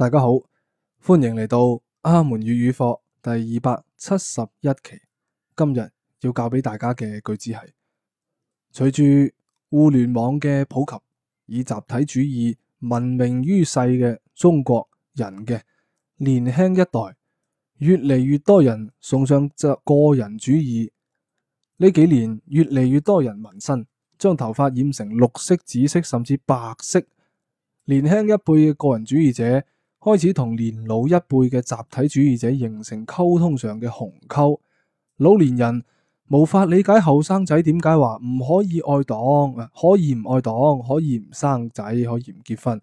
大家好，歡迎嚟到阿門粵語課第二百七十一期。今日要教俾大家嘅句子係：隨住互聯網嘅普及，以集體主義聞名於世嘅中國人嘅年輕一代，越嚟越多人崇尚個人主義。呢幾年越嚟越多人紋身，將頭髮染成綠色、紫色甚至白色。年輕一輩嘅個人主義者，開始同年老一輩嘅集體主義者形成溝通上嘅鴻溝，老年人無法理解後生仔點解話唔可以愛黨，可以唔愛黨，可以唔生仔，可以唔結婚。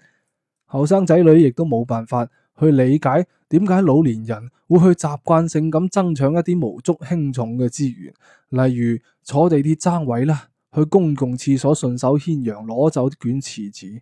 後生仔女亦都冇辦法去理解點解老年人會去習慣性咁爭搶一啲無足輕重嘅資源，例如坐地鐵爭位啦，去公共廁所順手牽羊攞走卷廁紙。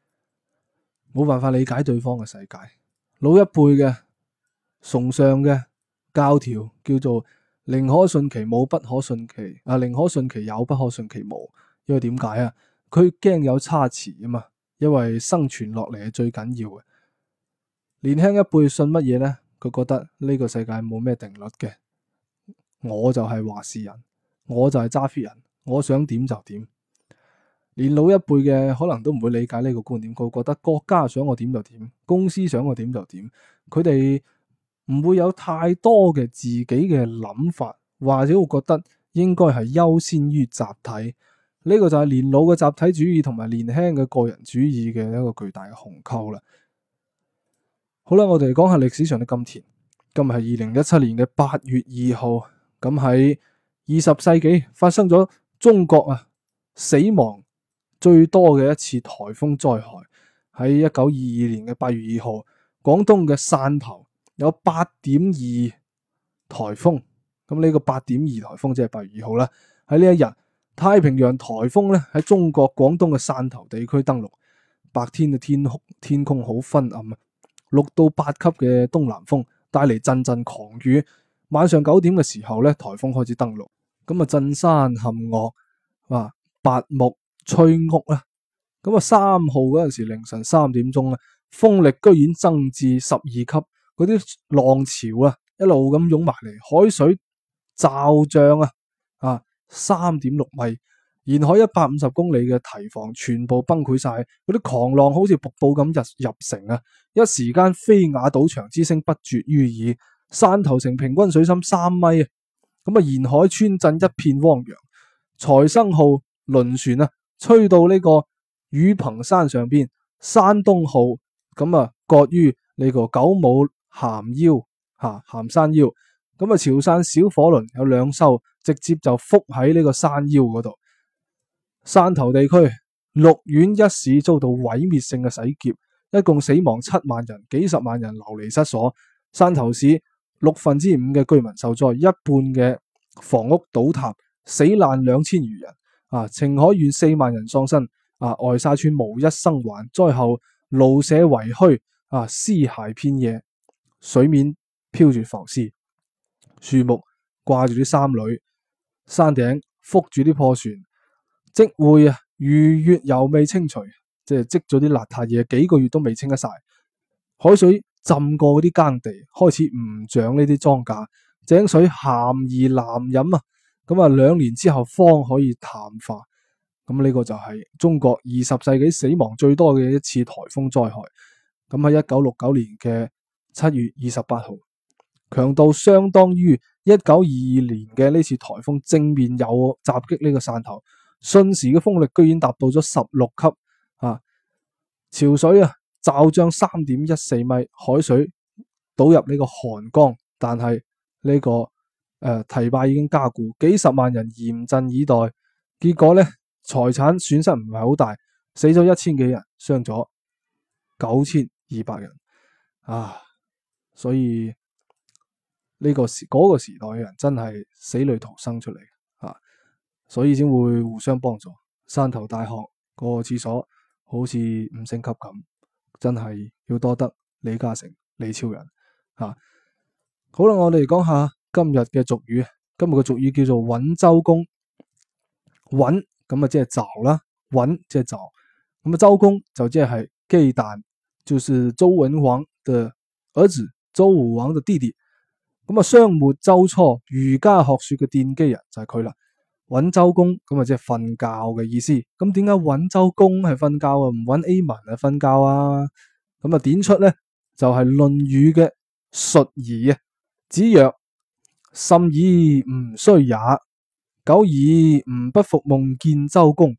冇辦法理解對方嘅世界，老一輩嘅崇尚嘅教條叫做寧可信其無不可信其啊，寧可信其有不可信其無，因為點解啊？佢驚有差池啊嘛，因為生存落嚟係最緊要嘅。年輕一輩信乜嘢呢？佢覺得呢個世界冇咩定律嘅，我就係話事人，我就係揸 fit 人，我想點就點。連老一輩嘅可能都唔會理解呢個觀點，佢覺得國家想我點就點，公司想我點就點，佢哋唔會有太多嘅自己嘅諗法，或者會覺得應該係優先於集體。呢、這個就係年老嘅集體主義同埋年輕嘅個人主義嘅一個巨大嘅鴻溝啦。好啦，我哋講下歷史上嘅今天，今天日係二零一七年嘅八月二號，咁喺二十世紀發生咗中國啊死亡。最多嘅一次颱風災害喺一九二二年嘅八月二號，廣東嘅汕頭有八點二颱風。咁呢個八點二颱風即係八月二號啦。喺呢一日，太平洋颱風咧喺中國廣東嘅汕頭地區登陸。白天嘅天空天空好昏暗，六到八級嘅東南風帶嚟陣陣狂雨。晚上九點嘅時候咧，颱風開始登陸。咁啊，震山撼嶽，哇！八木。翠屋啊，咁啊三號嗰陣時凌晨三點鐘啊，風力居然增至十二級，嗰啲浪潮啊一路咁湧埋嚟，海水驟漲啊，啊三點六米，沿海一百五十公里嘅堤防全部崩潰晒，嗰啲狂浪好似瀑布咁入入城啊，一時間飛瓦賭場之聲不絕於耳，山頭城平均水深三米啊，咁啊沿海村鎮一片汪洋，財生號輪船啊。吹到呢個雨棚山上邊，山東號咁啊，擱於呢個九武鹹腰嚇鹹山腰，咁啊潮汕小火輪有兩艘直接就覆喺呢個山腰嗰度。汕頭地區六縣一市遭到毀滅性嘅洗劫，一共死亡七萬人，幾十萬人流離失所。汕頭市六分之五嘅居民受災，一半嘅房屋倒塌，死難兩千餘人。啊！澄海縣四萬人喪生，啊外沙村無一生還。災後路舍為墟，啊屍骸遍野，水面漂住浮屍，樹木掛住啲衫履，山頂覆住啲破船，積穢啊如月又未清除，即係積咗啲邋遢嘢，幾個月都未清得晒。海水浸過嗰啲耕地，開始唔長呢啲莊稼，井水鹹而難飲啊！咁啊，兩年之後方可以淡化，咁呢個就係中國二十世紀死亡最多嘅一次台風災害。咁喺一九六九年嘅七月二十八號，強度相當於一九二二年嘅呢次台風正面有襲擊呢個汕頭，瞬時嘅風力居然達到咗十六級，啊，潮水啊驟漲三點一四米，海水倒入呢個韓江，但係呢個。誒，堤壩、呃、已經加固，幾十萬人嚴陣以待。結果咧，財產損失唔係好大，死咗一千幾人，傷咗九千二百人。啊，所以呢、呢個時、嗰個時代嘅人真係死裏逃生出嚟啊，所以先會互相幫助。山頭大學、嗰個廁所好似五星級咁，真係要多得李嘉誠、李超人。啊，好啦，我哋講下。今日嘅俗語，今日嘅俗語叫做搵周公，搵咁啊，即係找啦，搵即係找，咁啊，周公就即係姬旦，就是周文王的兒子，周武王的弟弟，咁啊，商末周初儒家學說嘅奠基人就係佢啦。搵周公咁啊，即係瞓覺嘅意思。咁點解搵周公係瞓覺啊？唔搵 A 文係瞓覺啊？咁啊，點出咧？就係、是《論語》嘅述而啊，子曰。甚矣，吾衰也；久矣，吾不復夢見周公。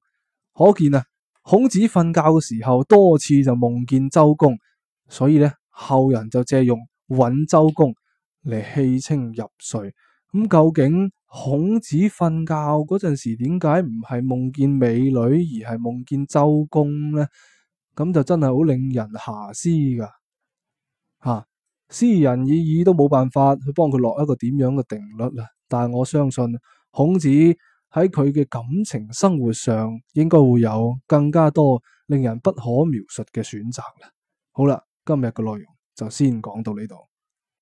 可見啊，孔子瞓覺嘅時候多次就夢見周公，所以咧後人就借用揾周公嚟戲稱入睡。咁究竟孔子瞓覺嗰陣時點解唔係夢見美女而係夢見周公呢？咁就真係好令人遐思噶，吓、啊。私人意義都冇辦法去幫佢落一個點樣嘅定律啦。但係我相信孔子喺佢嘅感情生活上應該會有更加多令人不可描述嘅選擇啦。好啦，今日嘅內容就先講到呢度。